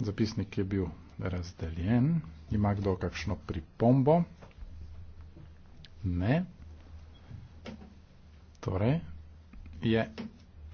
zapisnik je bil razdeljen. Ima kdo kakšno pripombo? Ne. Torej, je